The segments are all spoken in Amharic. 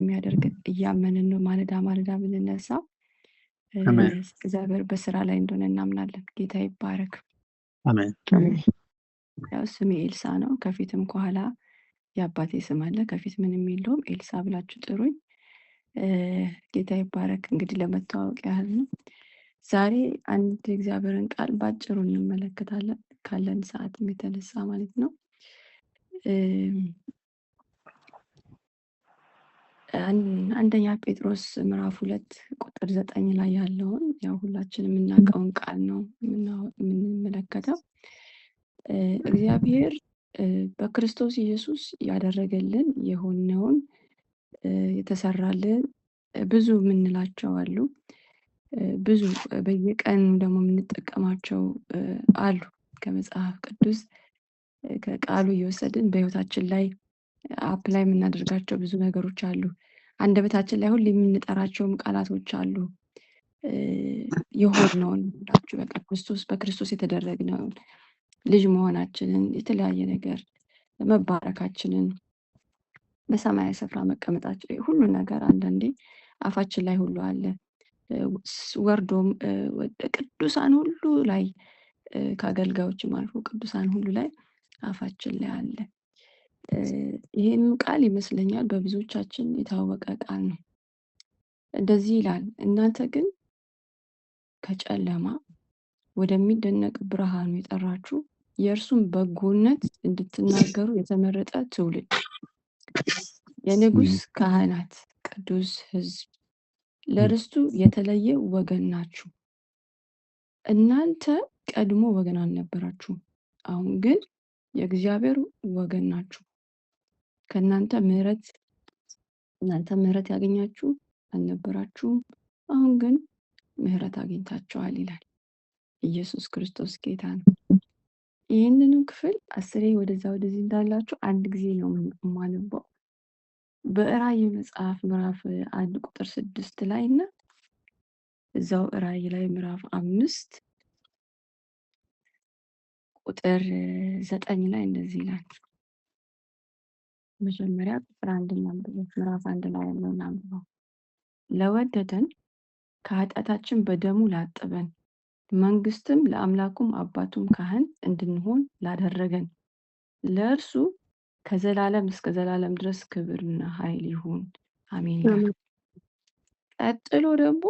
የሚያደርግ እያመንን ነው። ማለዳ ማለዳ ብንነሳው እግዚአብሔር በስራ ላይ እንደሆነ እናምናለን። ጌታ ይባረክ። ያው ስሜ ኤልሳ ነው። ከፊትም ከኋላ የአባቴ ስም አለ። ከፊት ምንም የለውም። ኤልሳ ብላችሁ ጥሩኝ። ጌታ ይባረክ። እንግዲህ ለመተዋወቅ ያህል ነው። ዛሬ አንድ እግዚአብሔርን ቃል በአጭሩ እንመለከታለን ካለን ሰዓትም የተነሳ ማለት ነው። አንደኛ ጴጥሮስ ምዕራፍ ሁለት ቁጥር ዘጠኝ ላይ ያለውን ያው ሁላችን የምናውቀውን ቃል ነው የምንመለከተው። እግዚአብሔር በክርስቶስ ኢየሱስ ያደረገልን የሆነውን የተሰራልን ብዙ የምንላቸው አሉ። ብዙ በየቀኑ ደግሞ የምንጠቀማቸው አሉ። ከመጽሐፍ ቅዱስ ከቃሉ እየወሰድን በህይወታችን ላይ አፕ ላይ የምናደርጋቸው ብዙ ነገሮች አሉ። አንደበታችን ላይ ሁሉ የምንጠራቸውም ቃላቶች አሉ። የሆንነውን ሁላችሁ በቃ ክርስቶስ በክርስቶስ የተደረግነውን ልጅ መሆናችንን የተለያየ ነገር መባረካችንን በሰማያዊ ስፍራ መቀመጣችን ሁሉ ነገር አንዳንዴ አፋችን ላይ ሁሉ አለ። ወርዶም ቅዱሳን ሁሉ ላይ ከአገልጋዮችም አልፎ ቅዱሳን ሁሉ ላይ አፋችን ላይ አለ። ይህም ቃል ይመስለኛል በብዙዎቻችን የታወቀ ቃል ነው። እንደዚህ ይላል፣ እናንተ ግን ከጨለማ ወደሚደነቅ ብርሃኑ የጠራችሁ የእርሱን በጎነት እንድትናገሩ የተመረጠ ትውልድ፣ የንጉስ ካህናት፣ ቅዱስ ህዝብ ለርስቱ የተለየ ወገን ናችሁ። እናንተ ቀድሞ ወገን አልነበራችሁም፣ አሁን ግን የእግዚአብሔር ወገን ናችሁ። ከእናንተ ምህረት እናንተ ምህረት ያገኛችሁ አልነበራችሁም፣ አሁን ግን ምህረት አግኝታችኋል ይላል። ኢየሱስ ክርስቶስ ጌታ ነው። ይህንንም ክፍል አስሬ ወደዛ ወደዚህ እንዳላችሁ አንድ ጊዜ ነው የማነበው። በእራይ መጽሐፍ ምዕራፍ አንድ ቁጥር ስድስት ላይ እና እዛው እራይ ላይ ምዕራፍ አምስት ቁጥር ዘጠኝ ላይ እንደዚህ ይላል መጀመሪያ ቁጥር አንድን እናንብበው ምዕራፍ አንድ ላይ ያለው እናንብበው። ለወደደን ከኃጢአታችን በደሙ ላጠበን መንግስትም ለአምላኩም አባቱም ካህን እንድንሆን ላደረገን ለእርሱ ከዘላለም እስከ ዘላለም ድረስ ክብርና ኃይል ይሁን አሜን። ቀጥሎ ደግሞ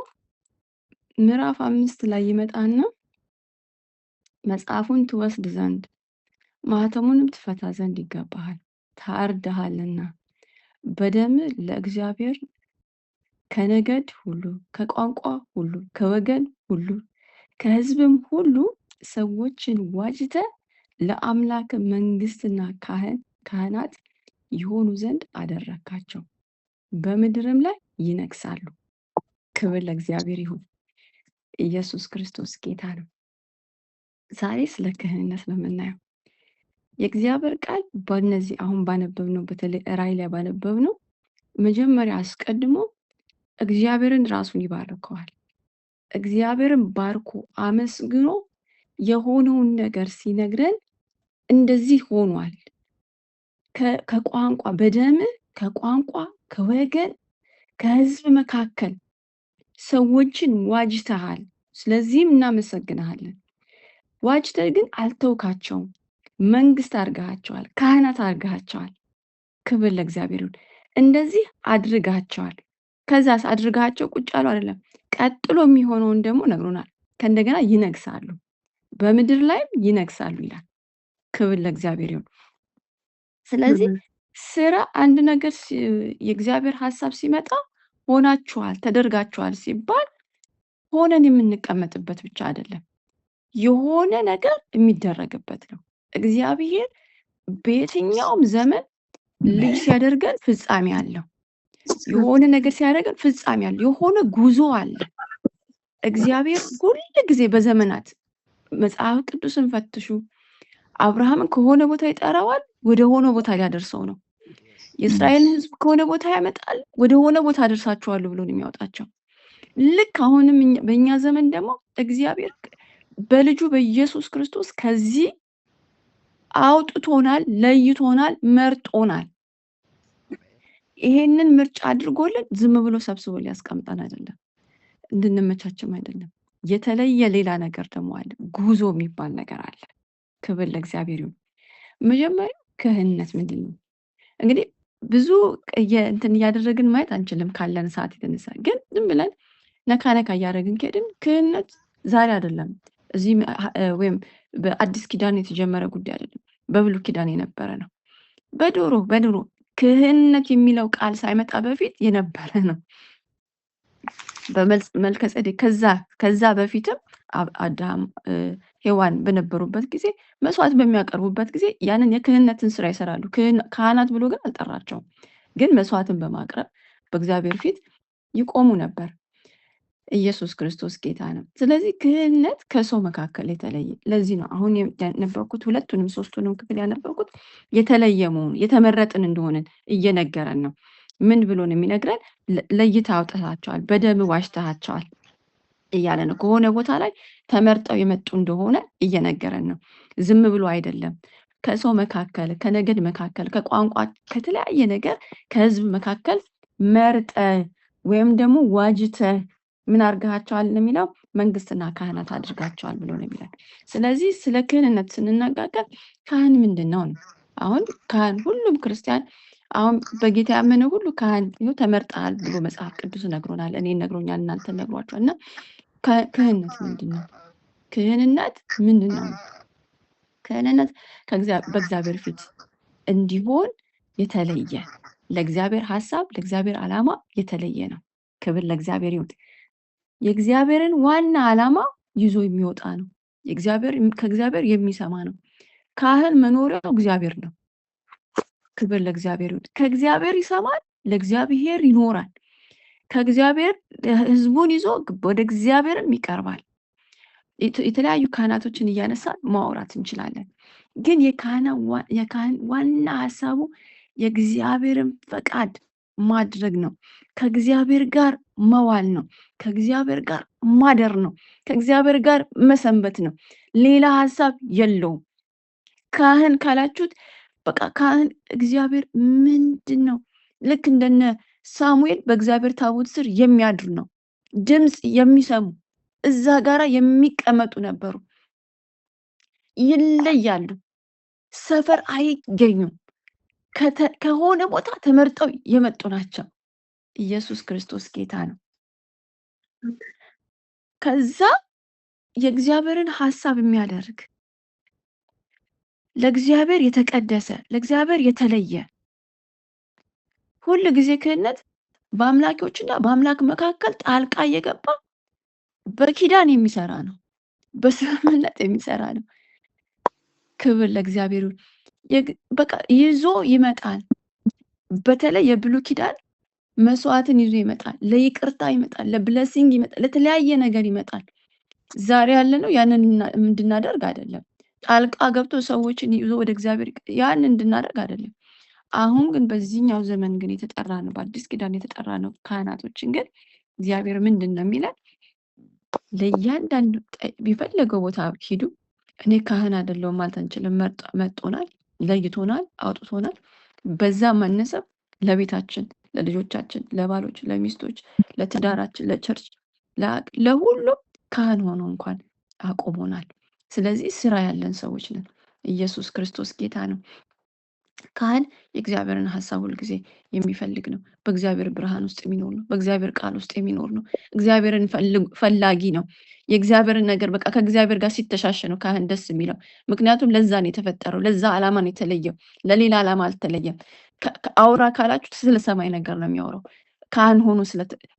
ምዕራፍ አምስት ላይ ይመጣና መጽሐፉን ትወስድ ዘንድ ማህተሙንም ትፈታ ዘንድ ይገባሃል ታርድሃልና በደም ለእግዚአብሔር ከነገድ ሁሉ ከቋንቋ ሁሉ ከወገን ሁሉ ከሕዝብም ሁሉ ሰዎችን ዋጅተ ለአምላክ መንግስትና ካህናት ይሆኑ ዘንድ አደረካቸው፣ በምድርም ላይ ይነግሳሉ። ክብር ለእግዚአብሔር ይሁን። ኢየሱስ ክርስቶስ ጌታ ነው። ዛሬ ስለ ክህንነት ነው የምናየው። የእግዚአብሔር ቃል በነዚህ አሁን ባነበብ ነው በተለይ ራይ ላይ ነው። መጀመሪያ አስቀድሞ እግዚአብሔርን ራሱን ይባርከዋል። እግዚአብሔርን ባርኮ አመስግኖ የሆነውን ነገር ሲነግረን እንደዚህ ሆኗል። ከቋንቋ በደም ከቋንቋ ከወገን ከህዝብ መካከል ሰዎችን ዋጅተሃል፣ ስለዚህም እናመሰግንሃለን። ዋጅተ ግን አልተውካቸውም መንግስት አድርገሃቸዋል፣ ካህናት አድርገሃቸዋል። ክብር ለእግዚአብሔር ይሁን። እንደዚህ አድርጋቸዋል። ከዛስ አድርጋቸው ቁጭ አሉ አይደለም። ቀጥሎ የሚሆነውን ደግሞ ነግሮናል። ከእንደገና ይነግሳሉ፣ በምድር ላይም ይነግሳሉ ይላል። ክብር ለእግዚአብሔር ይሁን። ስለዚህ ስራ አንድ ነገር የእግዚአብሔር ሀሳብ ሲመጣ ሆናችኋል፣ ተደርጋችኋል ሲባል ሆነን የምንቀመጥበት ብቻ አይደለም፣ የሆነ ነገር የሚደረግበት ነው። እግዚአብሔር በየትኛውም ዘመን ልጅ ሲያደርገን ፍጻሜ አለው። የሆነ ነገር ሲያደርገን ፍጻሜ አለው። የሆነ ጉዞ አለ። እግዚአብሔር ሁል ጊዜ በዘመናት መጽሐፍ ቅዱስን ፈትሹ። አብርሃምን ከሆነ ቦታ ይጠራዋል፣ ወደ ሆነ ቦታ ሊያደርሰው ነው። የእስራኤልን ሕዝብ ከሆነ ቦታ ያመጣል፣ ወደ ሆነ ቦታ አደርሳቸዋለሁ ብሎ ነው የሚያወጣቸው። ልክ አሁንም በእኛ ዘመን ደግሞ እግዚአብሔር በልጁ በኢየሱስ ክርስቶስ ከዚህ አውጥቶናል፣ ለይቶናል፣ መርጦናል። ይሄንን ምርጫ አድርጎልን ዝም ብሎ ሰብስቦ ሊያስቀምጠን አይደለም፣ እንድንመቻችም አይደለም። የተለየ ሌላ ነገር ደግሞ አለ። ጉዞ የሚባል ነገር አለ። ክብር ለእግዚአብሔር ይሁን። መጀመሪያ ክህነት ምንድን ነው? እንግዲህ ብዙ እንትን እያደረግን ማየት አንችልም ካለን ሰዓት የተነሳ ግን ዝም ብለን ነካ ነካ እያደረግን ከሄድን ክህነት ዛሬ አይደለም እዚህ ወይም በአዲስ ኪዳን የተጀመረ ጉዳይ አይደለም። በብሉ ኪዳን የነበረ ነው። በድሮ በድሮ ክህነት የሚለው ቃል ሳይመጣ በፊት የነበረ ነው። በመልከ ጼዴቅ ከዛ ከዛ በፊትም አዳም ሔዋን በነበሩበት ጊዜ መስዋዕት በሚያቀርቡበት ጊዜ ያንን የክህነትን ስራ ይሰራሉ። ካህናት ብሎ ግን አልጠራቸውም። ግን መስዋዕትን በማቅረብ በእግዚአብሔር ፊት ይቆሙ ነበር። ኢየሱስ ክርስቶስ ጌታ ነው። ስለዚህ ክህነት ከሰው መካከል የተለየ ለዚህ ነው አሁን ያነበብኩት ሁለቱንም ሶስቱንም ክፍል ያነበርኩት የተለየ መሆኑ የተመረጥን እንደሆነ እየነገረን ነው። ምን ብሎ ነው የሚነግረን? ለይታ አውጥታቸዋል፣ በደም ዋጅተሃቸዋል እያለ ነው። ከሆነ ቦታ ላይ ተመርጠው የመጡ እንደሆነ እየነገረን ነው። ዝም ብሎ አይደለም። ከሰው መካከል፣ ከነገድ መካከል፣ ከቋንቋ፣ ከተለያየ ነገር፣ ከህዝብ መካከል መርጠ ወይም ደግሞ ዋጅተ ምን አድርገሃቸዋል የሚለው መንግስትና ካህናት አድርጋቸዋል ብሎ ነው የሚለው። ስለዚህ ስለ ክህንነት ስንነጋገር ካህን ምንድን ነው ነው አሁን ካህን ሁሉም ክርስቲያን አሁን በጌታ ያመነ ሁሉ ካህን ተመርጠሃል ብሎ መጽሐፍ ቅዱስ ነግሮናል። እኔ ነግሮኛል፣ እናንተ ነግሯቸዋል። እና ክህንነት ምንድን ነው? ክህንነት ምንድን ነው? ክህንነት በእግዚአብሔር ፊት እንዲሆን የተለየ ለእግዚአብሔር ሀሳብ ለእግዚአብሔር ዓላማ የተለየ ነው። ክብር ለእግዚአብሔር ይውጥ። የእግዚአብሔርን ዋና ዓላማ ይዞ የሚወጣ ነው። ከእግዚአብሔር የሚሰማ ነው። ካህን መኖሪያው እግዚአብሔር ነው። ክብር ለእግዚአብሔር ይሁን። ከእግዚአብሔር ይሰማል፣ ለእግዚአብሔር ይኖራል። ከእግዚአብሔር ህዝቡን ይዞ ወደ እግዚአብሔርም ይቀርባል። የተለያዩ ካህናቶችን እያነሳን ማውራት እንችላለን። ግን የካህን ዋና ሀሳቡ የእግዚአብሔርን ፈቃድ ማድረግ ነው። ከእግዚአብሔር ጋር መዋል ነው። ከእግዚአብሔር ጋር ማደር ነው። ከእግዚአብሔር ጋር መሰንበት ነው። ሌላ ሀሳብ የለውም። ካህን ካላችሁት በቃ ካህን እግዚአብሔር ምንድን ነው? ልክ እንደነ ሳሙኤል በእግዚአብሔር ታቦት ስር የሚያድሩ ነው። ድምፅ የሚሰሙ እዛ ጋራ የሚቀመጡ ነበሩ። ይለያሉ። ሰፈር አይገኙም። ከሆነ ቦታ ተመርጠው የመጡ ናቸው። ኢየሱስ ክርስቶስ ጌታ ነው። ከዛ የእግዚአብሔርን ሀሳብ የሚያደርግ ለእግዚአብሔር የተቀደሰ ለእግዚአብሔር የተለየ ሁል ጊዜ ክህነት በአምላኪዎችና በአምላክ መካከል ጣልቃ እየገባ በኪዳን የሚሰራ ነው። በስምምነት የሚሰራ ነው። ክብር ለእግዚአብሔር በቃ ይዞ ይመጣል። በተለይ የብሉ ኪዳን መስዋዕትን ይዞ ይመጣል። ለይቅርታ ይመጣል፣ ለብለሲንግ ይመጣል፣ ለተለያየ ነገር ይመጣል። ዛሬ ያለ ነው ያንን እንድናደርግ አይደለም። ጣልቃ ገብቶ ሰዎችን ይዞ ወደ እግዚአብሔር ያን እንድናደርግ አይደለም። አሁን ግን በዚህኛው ዘመን ግን የተጠራ ነው፣ በአዲስ ኪዳን የተጠራ ነው። ካህናቶችን ግን እግዚአብሔር ምንድን ነው የሚለን? ለእያንዳንዱ የፈለገው ቦታ ሂዱ። እኔ ካህን አይደለሁም ማለት አንችልም። መርጦናል፣ ለይቶናል፣ አውጥቶናል። በዛ መነሰብ ለቤታችን ለልጆቻችን፣ ለባሎች፣ ለሚስቶች፣ ለትዳራችን፣ ለቸርች፣ ለሁሉም ካህን ሆኖ እንኳን አቁሞናል። ስለዚህ ስራ ያለን ሰዎች ነን። ኢየሱስ ክርስቶስ ጌታ ነው። ካህን የእግዚአብሔርን ሀሳብ ሁልጊዜ የሚፈልግ ነው። በእግዚአብሔር ብርሃን ውስጥ የሚኖር ነው። በእግዚአብሔር ቃል ውስጥ የሚኖር ነው። እግዚአብሔርን ፈላጊ ነው። የእግዚአብሔርን ነገር በቃ ከእግዚአብሔር ጋር ሲተሻሸ ነው ካህን ደስ የሚለው። ምክንያቱም ለዛ ነው የተፈጠረው። ለዛ ዓላማ ነው የተለየው። ለሌላ ዓላማ አልተለየም። አውራ ካላችሁ ስለ ሰማይ ነገር ነው የሚያወራው። ካህን ሆኖ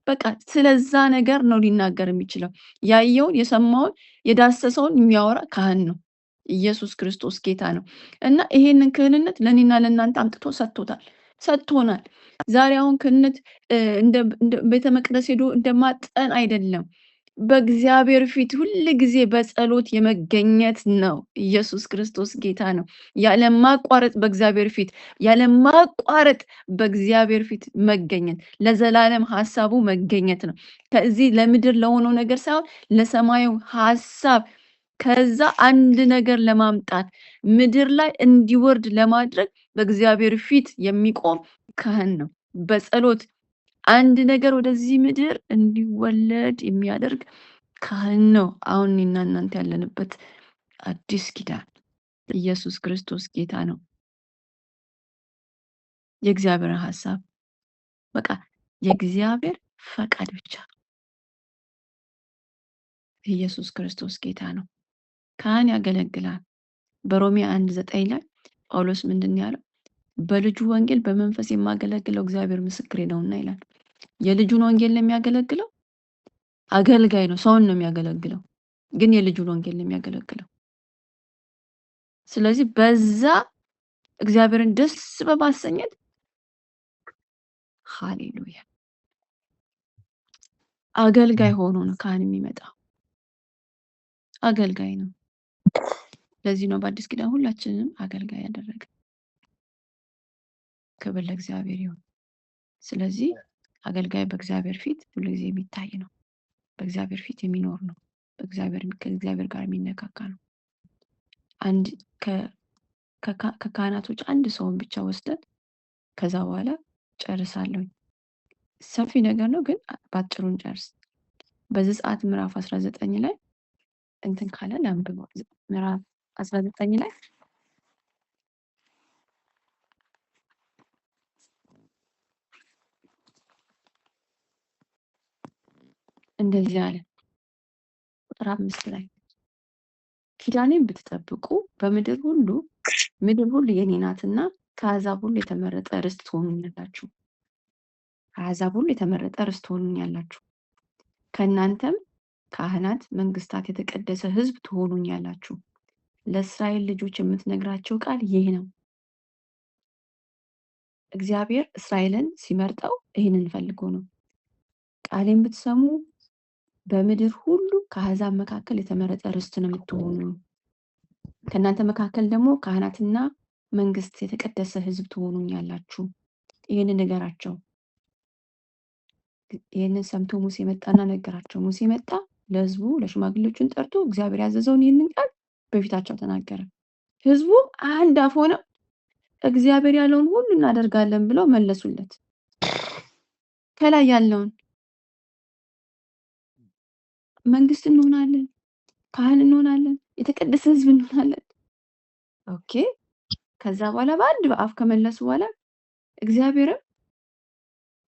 በቃ ስለዛ ነገር ነው ሊናገር የሚችለው። ያየውን የሰማውን የዳሰሰውን የሚያወራ ካህን ነው። ኢየሱስ ክርስቶስ ጌታ ነው እና ይሄንን ክህንነት ለእኔና ለእናንተ አምጥቶ ሰጥቶታል፣ ሰጥቶናል። ዛሬ አሁን ክህነት ቤተ መቅደስ ሄዶ እንደማጠን አይደለም በእግዚአብሔር ፊት ሁል ጊዜ በጸሎት የመገኘት ነው። ኢየሱስ ክርስቶስ ጌታ ነው። ያለማቋረጥ በእግዚአብሔር ፊት ያለማቋረጥ በእግዚአብሔር ፊት መገኘት ለዘላለም ሀሳቡ መገኘት ነው። ከዚህ ለምድር ለሆነው ነገር ሳይሆን ለሰማዩ ሀሳብ ከዛ አንድ ነገር ለማምጣት ምድር ላይ እንዲወርድ ለማድረግ በእግዚአብሔር ፊት የሚቆም ካህን ነው። በጸሎት አንድ ነገር ወደዚህ ምድር እንዲወለድ የሚያደርግ ካህን ነው። አሁን እኔና እናንተ ያለንበት አዲስ ኪዳን ኢየሱስ ክርስቶስ ጌታ ነው። የእግዚአብሔር ሀሳብ በቃ የእግዚአብሔር ፈቃድ ብቻ። ኢየሱስ ክርስቶስ ጌታ ነው። ካህን ያገለግላል። በሮሜ አንድ ዘጠኝ ላይ ጳውሎስ ምንድን ያለው? በልጁ ወንጌል በመንፈስ የማገለግለው እግዚአብሔር ምስክሬ ነውና ይላል። የልጁን ወንጌል ነው የሚያገለግለው። አገልጋይ ነው፣ ሰውን ነው የሚያገለግለው፣ ግን የልጁን ወንጌል ነው የሚያገለግለው። ስለዚህ በዛ እግዚአብሔርን ደስ በማሰኘት ሃሌሉያ አገልጋይ ሆኖ ነው ካህን የሚመጣው። አገልጋይ ነው። ለዚህ ነው በአዲስ ኪዳን ሁላችንም አገልጋይ ያደረገ። ክብር ለእግዚአብሔር ይሁን። ስለዚህ አገልጋይ በእግዚአብሔር ፊት ሁልጊዜ የሚታይ ነው። በእግዚአብሔር ፊት የሚኖር ነው። ከእግዚአብሔር ጋር የሚነካካ ነው። አንድ ከካህናቶች አንድ ሰውን ብቻ ወስደን ከዛ በኋላ ጨርሳለሁኝ። ሰፊ ነገር ነው፣ ግን በአጭሩን ጨርስ። በዘጸአት ምዕራፍ አስራ ዘጠኝ ላይ እንትን ካለ ለአንብበው። ምዕራፍ አስራ ዘጠኝ ላይ እንደዚህ አለ ቁጥር አምስት ላይ ኪዳኔን ብትጠብቁ በምድር ሁሉ ምድር ሁሉ የኔ ናትና ሁሉ የተመረጠ ርስት ትሆኑኛላችሁ። ከአዛብ ሁሉ የተመረጠ ርስት ትሆኑኛላችሁ። ከእናንተም ካህናት፣ መንግስታት፣ የተቀደሰ ህዝብ ትሆኑኛላችሁ። ለእስራኤል ልጆች የምትነግራቸው ቃል ይህ ነው። እግዚአብሔር እስራኤልን ሲመርጠው ይህንን ፈልጎ ነው። ቃሌን ብትሰሙ በምድር ሁሉ ከአሕዛብ መካከል የተመረጠ ርስት ነው የምትሆኑ። ከእናንተ መካከል ደግሞ ካህናትና መንግስት የተቀደሰ ትሆኑኝ ትሆኑኛላችሁ። ይህን ነገራቸው። ይህንን ሰምቶ ሙሴ መጣና ነገራቸው። ሙሴ መጣ ለህዝቡ ለሽማግሌዎቹን ጠርቶ እግዚአብሔር ያዘዘውን ይህንን ቃል በፊታቸው ተናገረ። ህዝቡ አንድ አፍ ሆነው እግዚአብሔር ያለውን ሁሉ እናደርጋለን ብለው መለሱለት። ከላይ ያለውን መንግስት እንሆናለን፣ ካህን እንሆናለን፣ የተቀደሰ ህዝብ እንሆናለን። ኦኬ። ከዛ በኋላ በአንድ በአፍ ከመለሱ በኋላ እግዚአብሔርም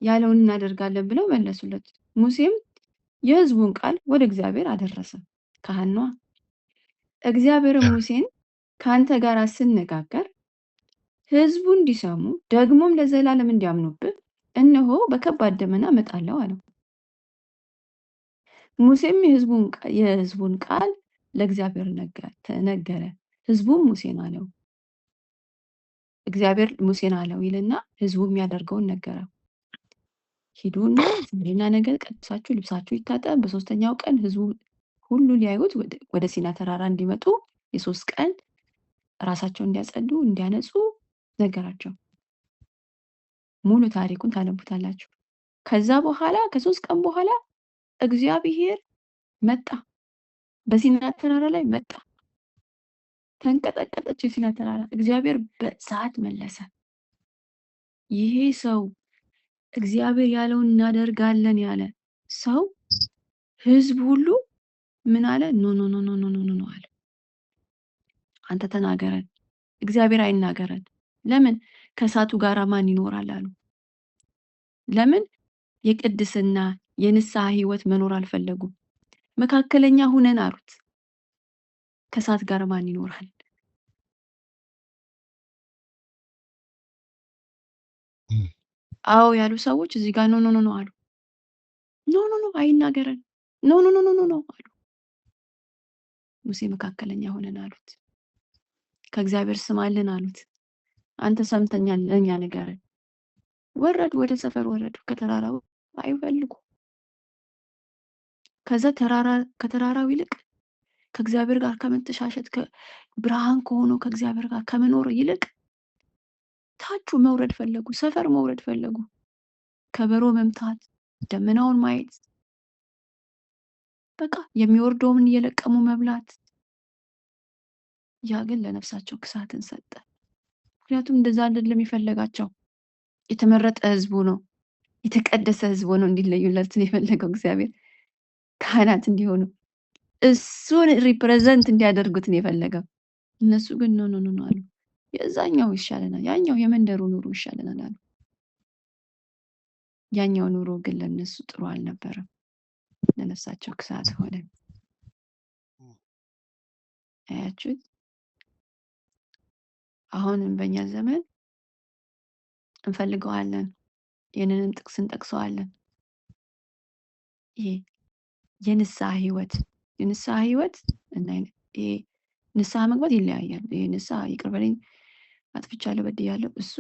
ያለውን እናደርጋለን ብለው መለሱለት። ሙሴም የህዝቡን ቃል ወደ እግዚአብሔር አደረሰ። ካህን ነዋ። እግዚአብሔር ሙሴን ከአንተ ጋር ስነጋገር ህዝቡ እንዲሰሙ ደግሞም ለዘላለም እንዲያምኑብህ እነሆ በከባድ ደመና እመጣለሁ አለው። ሙሴም የህዝቡን ቃል ለእግዚአብሔር ተነገረ ህዝቡም ሙሴን አለው እግዚአብሔር ሙሴን አለው ይልና ህዝቡ የሚያደርገውን ነገረ ሂዱና ዛሬና ነገር ቀድሳችሁ ልብሳችሁ ይታጠብ፣ በሶስተኛው ቀን ህዝቡ ሁሉ ሊያዩት ወደ ሲና ተራራ እንዲመጡ የሶስት ቀን ራሳቸው እንዲያጸዱ እንዲያነጹ ነገራቸው። ሙሉ ታሪኩን ታነቡታላችሁ። ከዛ በኋላ ከሶስት ቀን በኋላ እግዚአብሔር መጣ። በሲና ተራራ ላይ መጣ። ተንቀጠቀጠች የሲና ተራራ። እግዚአብሔር በእሳት መለሰ። ይሄ ሰው እግዚአብሔር ያለውን እናደርጋለን ያለ ሰው ህዝብ ሁሉ ምን አለ? ኖ ኖ ኖ ኖ ኖ ኖ አለ። አንተ ተናገረን፣ እግዚአብሔር አይናገረን። ለምን ከእሳቱ ጋር ማን ይኖራል አሉ። ለምን የቅድስና የንስሐ ህይወት መኖር አልፈለጉም። መካከለኛ ሁነን አሉት። ከእሳት ጋር ማን ይኖራል? አዎ ያሉ ሰዎች እዚህ ጋር ኖ ኖ ኖ አሉ። ኖ ኖ ኖ አይናገረን፣ ኖ ኖ ኖ ኖ አሉ። ሙሴ መካከለኛ ሆነን አሉት። ከእግዚአብሔር ስማልን አሉት። አንተ ሰምተኛል፣ እኛ ንገረን። ወረዱ፣ ወደ ሰፈር ወረዱ። ከተራራው አይፈልጉ ከዛ ተራራ ከተራራው ይልቅ ከእግዚአብሔር ጋር ከመተሻሸት ብርሃን ከሆነው ከእግዚአብሔር ጋር ከመኖር ይልቅ ታቹ መውረድ ፈለጉ፣ ሰፈር መውረድ ፈለጉ። ከበሮ መምታት፣ ደመናውን ማየት፣ በቃ የሚወርደውን እየለቀሙ መብላት። ያ ግን ለነፍሳቸው ክሳትን ሰጠ። ምክንያቱም እንደዛ አይደለም የፈለጋቸው። የተመረጠ ህዝቡ ነው፣ የተቀደሰ ህዝቡ ነው እንዲለዩለት የፈለገው እግዚአብሔር። ካህናት እንዲሆኑ እሱን ሪፕሬዘንት እንዲያደርጉት ነው የፈለገው። እነሱ ግን ኖ ኖ ኖ አሉ። የዛኛው ይሻለናል፣ ያኛው የመንደሩ ኑሮ ይሻለናል አሉ። ያኛው ኑሮ ግን ለእነሱ ጥሩ አልነበረም፣ ለነፍሳቸው ክሳት ሆነ። አያችሁት? አሁንም በእኛ ዘመን እንፈልገዋለን፣ ይህንንም ጥቅስ እንጠቅሰዋለን። ይሄ የንስሐ ህይወት የንስሐ ህይወት እና ይሄ ንስሐ መግባት ይለያያል። ይሄ ንስሐ ይቅር በለኝ አጥፍቻለሁ፣ በድያለሁ እሱ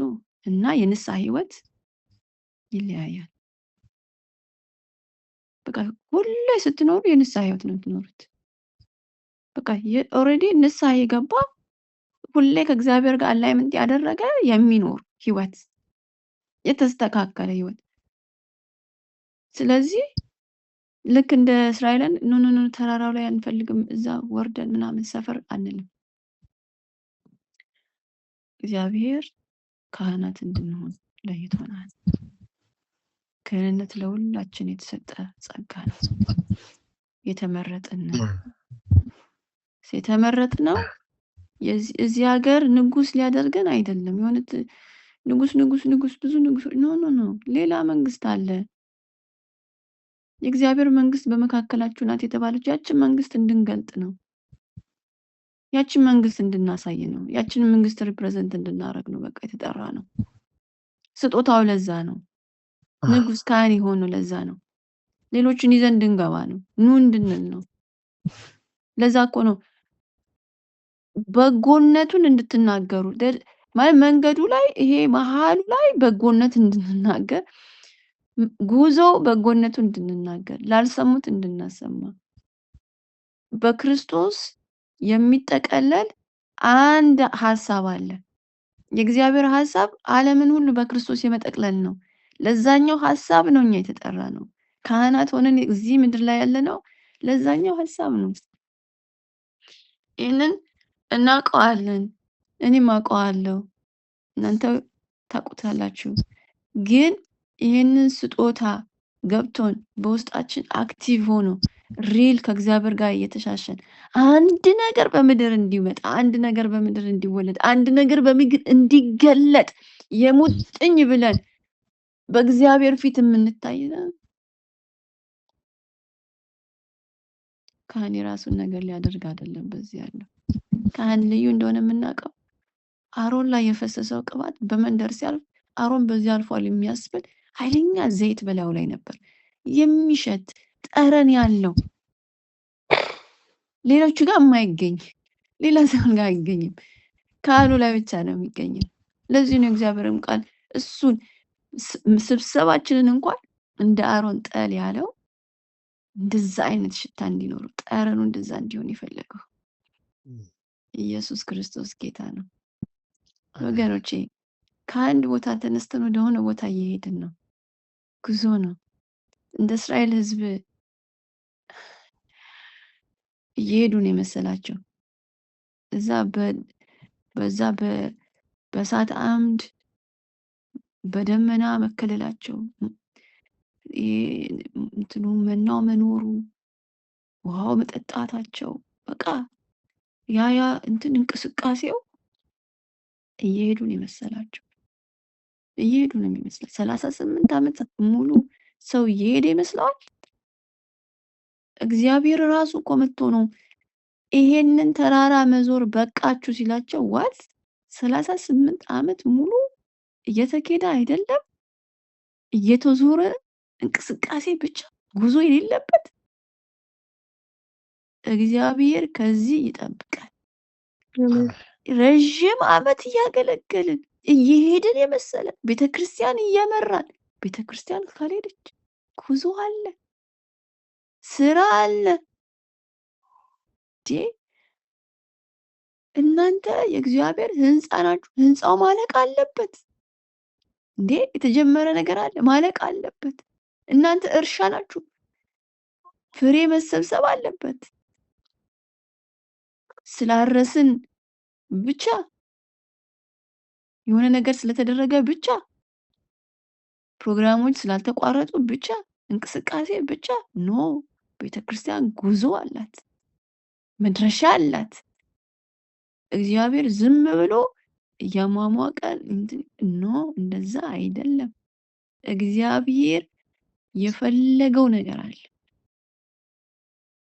እና የንስሐ ህይወት ይለያያል። በቃ ሁሌ ስትኖሩ የንስሐ ህይወት ነው የምትኖሩት። በቃ ኦልሬዲ ንስሐ የገባ ሁሌ ከእግዚአብሔር ጋር አላይመንት ያደረገ የሚኖር ህይወት፣ የተስተካከለ ህይወት። ስለዚህ ልክ እንደ እስራኤልን ኑኑኑ ተራራው ላይ አንፈልግም፣ እዛ ወርደን ምናምን ሰፈር አንልም። እግዚአብሔር ካህናት እንድንሆን ለይቶናል። ክህንነት ለሁላችን የተሰጠ ጸጋ ነው። የተመረጥን የተመረጥ ነው። እዚህ ሀገር ንጉስ ሊያደርገን አይደለም። የሆነ ንጉስ ንጉስ ንጉስ ብዙ ንጉሶች ኖ ኖ ኖ ሌላ መንግስት አለ የእግዚአብሔር መንግስት በመካከላችሁ ናት የተባለች ያችን መንግስት እንድንገልጥ ነው። ያችን መንግስት እንድናሳይ ነው። ያችን መንግስት ሪፕሬዘንት እንድናደርግ ነው። በቃ የተጠራ ነው። ስጦታው ለዛ ነው። ንጉስ ካህን የሆኑ ለዛ ነው። ሌሎችን ይዘን እንድንገባ ነው። ኑ እንድንል ነው። ለዛ እኮ ነው በጎነቱን እንድትናገሩ ማለት መንገዱ ላይ ይሄ መሀሉ ላይ በጎነት እንድንናገር ጉዞ በጎነቱ እንድንናገር ላልሰሙት እንድናሰማ በክርስቶስ የሚጠቀለል አንድ ሀሳብ አለ። የእግዚአብሔር ሀሳብ ዓለምን ሁሉ በክርስቶስ የመጠቅለል ነው። ለዛኛው ሀሳብ ነው እኛ የተጠራ ነው። ካህናት ሆነን እዚህ ምድር ላይ ያለ ነው ለዛኛው ሀሳብ ነው። ይህንን እናውቀዋለን። እኔም አውቀዋለሁ፣ እናንተ ታውቁታላችሁ። ግን ይህንን ስጦታ ገብቶን በውስጣችን አክቲቭ ሆኖ ሪል ከእግዚአብሔር ጋር እየተሻሸን አንድ ነገር በምድር እንዲመጣ አንድ ነገር በምድር እንዲወለድ አንድ ነገር በምድር እንዲገለጥ የሙጥኝ ብለን በእግዚአብሔር ፊት የምንታይ ካህን የራሱን ነገር ሊያደርግ አይደለም። በዚህ ያለው ካህን ልዩ እንደሆነ የምናውቀው አሮን ላይ የፈሰሰው ቅባት በመንደር ሲያልፍ አሮን በዚህ አልፏል የሚያስብል ኃይለኛ ዘይት በላዩ ላይ ነበር። የሚሸት ጠረን ያለው ሌሎቹ ጋር የማይገኝ ሌላ ሰውን ጋር አይገኝም። ካህኑ ላይ ብቻ ነው የሚገኘው። ለዚህ ነው እግዚአብሔርም ቃል እሱን ስብሰባችንን እንኳን እንደ አሮን ጠል ያለው እንደዛ አይነት ሽታ እንዲኖሩ ጠረኑ እንደዛ እንዲሆን የፈለገው ኢየሱስ ክርስቶስ ጌታ ነው። ወገኖቼ ከአንድ ቦታ ተነስተን ወደሆነ ቦታ እየሄድን ነው። ጉዞ ነው። እንደ እስራኤል ህዝብ እየሄዱ ነው የመሰላቸው እዛ በዛ በእሳት አምድ በደመና መከለላቸው እንትኑ መናው መኖሩ ውሃው መጠጣታቸው በቃ ያ ያ እንትን እንቅስቃሴው እየሄዱን የመሰላቸው እየሄዱ ነው የሚመስለው። ሰላሳ ስምንት ዓመት ሙሉ ሰው እየሄደ ይመስለዋል። እግዚአብሔር ራሱ እኮ መጥቶ ነው ይሄንን ተራራ መዞር በቃችሁ ሲላቸው ዋት ሰላሳ ስምንት ዓመት ሙሉ እየተኬደ አይደለም እየተዞረ እንቅስቃሴ ብቻ ጉዞ የሌለበት እግዚአብሔር ከዚህ ይጠብቃል። ረዥም ዓመት እያገለገልን እየሄድን የመሰለ ቤተ ክርስቲያን እየመራን ቤተ ክርስቲያን ካልሄደች ጉዞ አለ፣ ስራ አለ። እናንተ የእግዚአብሔር ህንፃ ናችሁ። ህንፃው ማለቅ አለበት እንዴ! የተጀመረ ነገር አለ ማለቅ አለበት። እናንተ እርሻ ናችሁ። ፍሬ መሰብሰብ አለበት። ስላረስን ብቻ የሆነ ነገር ስለተደረገ ብቻ፣ ፕሮግራሞች ስላልተቋረጡ ብቻ፣ እንቅስቃሴ ብቻ ኖ። ቤተ ክርስቲያን ጉዞ አላት፣ መድረሻ አላት። እግዚአብሔር ዝም ብሎ እያሟሟቀን ኖ፣ እንደዛ አይደለም። እግዚአብሔር የፈለገው ነገር አለ።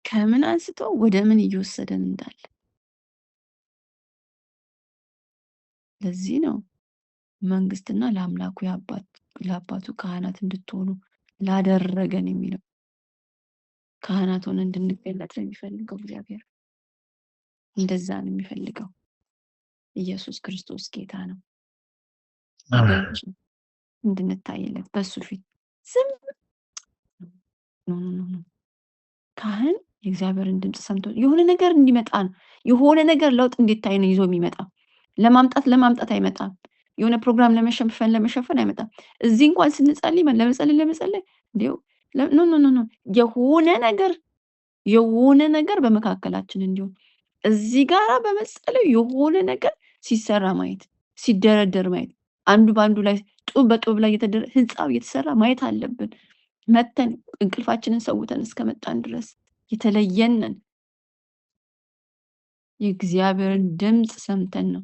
ከምን አንስቶ ወደ ምን እየወሰደን እንዳለ ለዚህ ነው መንግስትና ለአምላኩ ለአባቱ ካህናት እንድትሆኑ ላደረገን የሚለው ካህናት ሆነ እንድንገለጥ ነው የሚፈልገው እግዚአብሔር። እንደዛ ነው የሚፈልገው። ኢየሱስ ክርስቶስ ጌታ ነው። እንድንታይለት በሱ ፊት ዝም ካህን የእግዚአብሔርን ድምፅ ሰምቶ የሆነ ነገር እንዲመጣ ነው፣ የሆነ ነገር ለውጥ እንዴት ነው ይዞ የሚመጣ ለማምጣት ለማምጣት አይመጣም። የሆነ ፕሮግራም ለመሸፈን ለመሸፈን አይመጣም። እዚህ እንኳን ስንጸልይ ለመጸለይ ለመጸለይ እንዲሁ ኖ ኖ ኖ የሆነ ነገር የሆነ ነገር በመካከላችን እንዲሁም እዚህ ጋር በመጸለይ የሆነ ነገር ሲሰራ ማየት ሲደረደር ማየት አንዱ በአንዱ ላይ ጡብ በጡብ ላይ የተደረ ህንፃው እየተሰራ ማየት አለብን። መተን እንቅልፋችንን ሰውተን እስከመጣን ድረስ የተለየንን የእግዚአብሔርን ድምፅ ሰምተን ነው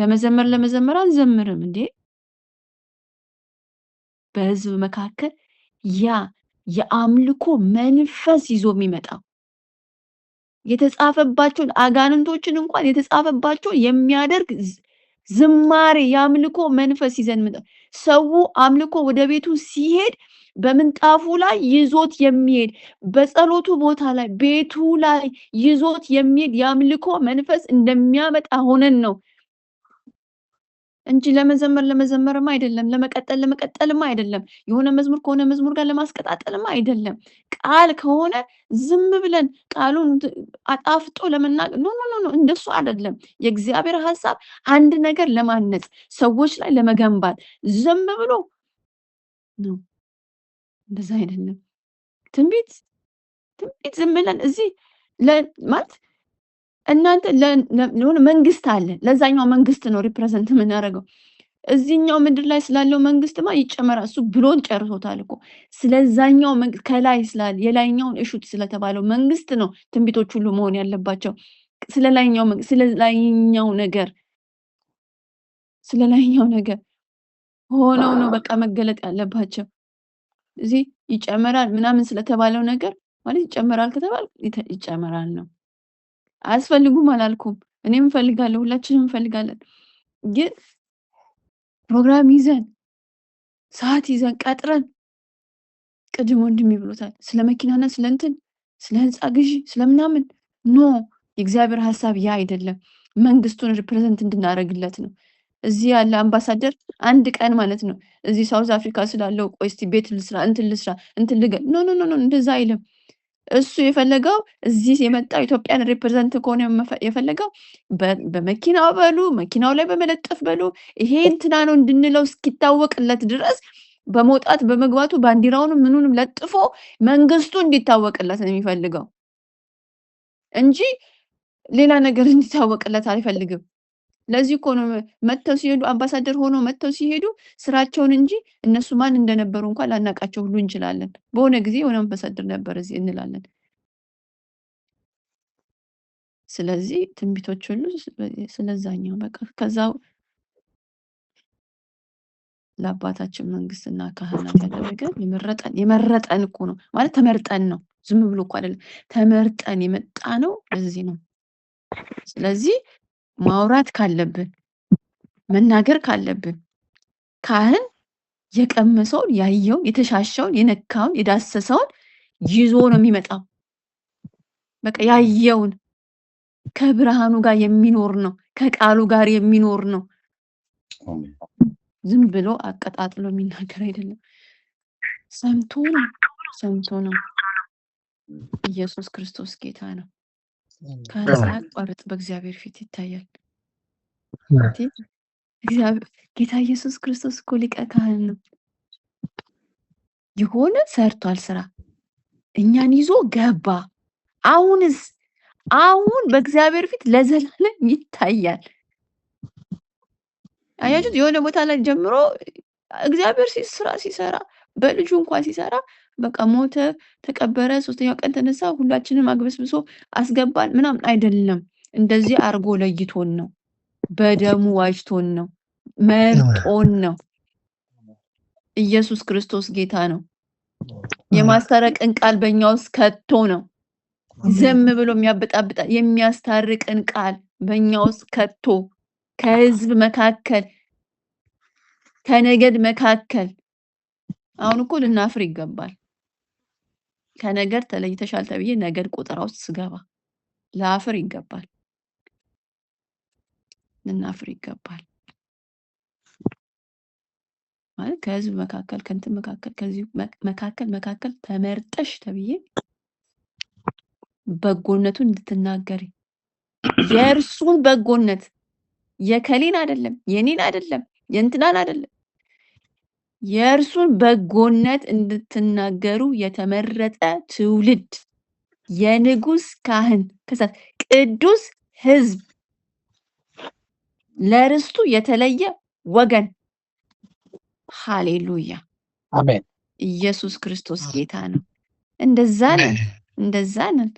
ለመዘመር ለመዘመር አንዘምርም እንዴ! በህዝብ መካከል ያ የአምልኮ መንፈስ ይዞ የሚመጣው የተጻፈባቸውን አጋንንቶችን እንኳን የተጻፈባቸውን የሚያደርግ ዝማሬ የአምልኮ መንፈስ ይዘን ሰው አምልኮ ወደ ቤቱ ሲሄድ በምንጣፉ ላይ ይዞት የሚሄድ በጸሎቱ ቦታ ላይ ቤቱ ላይ ይዞት የሚሄድ የአምልኮ መንፈስ እንደሚያመጣ ሆነን ነው እንጂ ለመዘመር ለመዘመርም አይደለም፣ ለመቀጠል ለመቀጠልም አይደለም፣ የሆነ መዝሙር ከሆነ መዝሙር ጋር ለማስቀጣጠልም አይደለም። ቃል ከሆነ ዝም ብለን ቃሉን አጣፍጦ ለመናገር ኖ ኖ ኖ፣ እንደሱ አይደለም። የእግዚአብሔር ሀሳብ አንድ ነገር ለማነጽ ሰዎች ላይ ለመገንባት ዝም ብሎ ነው። እንደዛ አይደለም። ትንቢት ትንቢት ዝም ብለን እዚህ ማለት እናንተ ለሆነ መንግስት አለ። ለዛኛው መንግስት ነው ሪፕሬዘንት የምናደርገው። እዚህኛው ምድር ላይ ስላለው መንግስትማ ይጨመራል። እሱ ብሎን ጨርሶታል እኮ ስለዛኛው ከላይ ስላለ የላይኛውን እሹት ስለተባለው መንግስት ነው ትንቢቶች ሁሉ መሆን ያለባቸው። ስለላይኛው ስለላይኛው ነገር ስለላይኛው ነገር ሆነው ነው በቃ መገለጥ ያለባቸው። እዚህ ይጨመራል ምናምን ስለተባለው ነገር ማለት ይጨመራል ከተባል ይጨመራል ነው። አያስፈልጉም አላልኩም። እኔም እንፈልጋለሁ፣ ሁላችንም እንፈልጋለን። ግን ፕሮግራም ይዘን ሰዓት ይዘን ቀጥረን ቅድም ወንድም ይብሎታል ስለ መኪናና ስለ እንትን ስለ ህንፃ ግዢ ስለምናምን ኖ የእግዚአብሔር ሀሳብ ያ አይደለም። መንግስቱን ሪፕሬዘንት እንድናደርግለት ነው። እዚህ ያለ አምባሳደር አንድ ቀን ማለት ነው እዚህ ሳውዝ አፍሪካ ስላለው ቆይ እስቲ ቤት ልስራ እንትን ልስራ እንትን ልገል። ኖ ኖ ኖ እንደዛ አይልም። እሱ የፈለገው እዚህ የመጣው ኢትዮጵያን ሪፕሬዘንት ከሆነ የፈለገው በመኪናው በሉ መኪናው ላይ በመለጠፍ በሉ ይሄ እንትና ነው እንድንለው እስኪታወቅለት ድረስ በመውጣት በመግባቱ ባንዲራውን ምኑንም ለጥፎ መንግስቱ እንዲታወቅለት ነው የሚፈልገው እንጂ ሌላ ነገር እንዲታወቅለት አይፈልግም ለዚህ እኮ ነው መጥተው ሲሄዱ አምባሳደር ሆኖ መጥተው ሲሄዱ ስራቸውን እንጂ እነሱ ማን እንደነበሩ እንኳን ላናቃቸው ሁሉ እንችላለን። በሆነ ጊዜ የሆነ አምባሳደር ነበር እዚህ እንላለን። ስለዚህ ትንቢቶች ሁሉ ስለዛኛው በቃ ከዛው ለአባታችን መንግስትና ካህናት ያደረገን የመረጠን የመረጠን እኮ ነው ማለት ተመርጠን ነው። ዝም ብሎ እኮ አይደለም ተመርጠን የመጣ ነው። ለዚህ ነው ስለዚህ ማውራት ካለብን መናገር ካለብን ካህን የቀመሰውን ያየውን የተሻሸውን የነካውን የዳሰሰውን ይዞ ነው የሚመጣው። በቃ ያየውን ከብርሃኑ ጋር የሚኖር ነው፣ ከቃሉ ጋር የሚኖር ነው። ዝም ብሎ አቀጣጥሎ የሚናገር አይደለም። ሰምቶ ነው ሰምቶ ነው። ኢየሱስ ክርስቶስ ጌታ ነው። ከሰዓት ቋርጥ በእግዚአብሔር ፊት ይታያል። ጌታ ኢየሱስ ክርስቶስ እኮ ሊቀ ካህን ነው። የሆነ ሰርቷል ስራ እኛን ይዞ ገባ። አሁንስ አሁን በእግዚአብሔር ፊት ለዘላለም ይታያል። አያችሁት? የሆነ ቦታ ላይ ጀምሮ እግዚአብሔር ስራ ሲሰራ በልጁ እንኳን ሲሰራ በቃ ሞተ፣ ተቀበረ፣ ሶስተኛው ቀን ተነሳ፣ ሁላችንም አግበስብሶ አስገባን ምናምን አይደለም። እንደዚህ አርጎ ለይቶን ነው፣ በደሙ ዋጅቶን ነው፣ መርጦን ነው። ኢየሱስ ክርስቶስ ጌታ ነው። የማስታረቅን ቃል በእኛ ውስጥ ከቶ ነው። ዝም ብሎ የሚያበጣብጣ የሚያስታርቅን ቃል በእኛ ውስጥ ከቶ ከህዝብ መካከል ከነገድ መካከል አሁን እኮ ልናፍር ይገባል። ከነገር ተለይተሻል ተብዬ ነገር ቆጠራ ውስጥ ስገባ ለአፍር ይገባል፣ ልናፍር ይገባል ማለት ከህዝብ መካከል ከእንትን መካከል ከዚህ መካከል መካከል ተመርጠሽ ተብዬ በጎነቱን እንድትናገሪ የእርሱን በጎነት የከሌን አይደለም የኔን አይደለም የእንትናን አይደለም የእርሱን በጎነት እንድትናገሩ የተመረጠ ትውልድ የንጉስ ካህን ከሳት ቅዱስ ህዝብ ለርስቱ የተለየ ወገን። ሃሌሉያ አሜን። ኢየሱስ ክርስቶስ ጌታ ነው። እንደዛ ነን፣ እንደዛ ነን።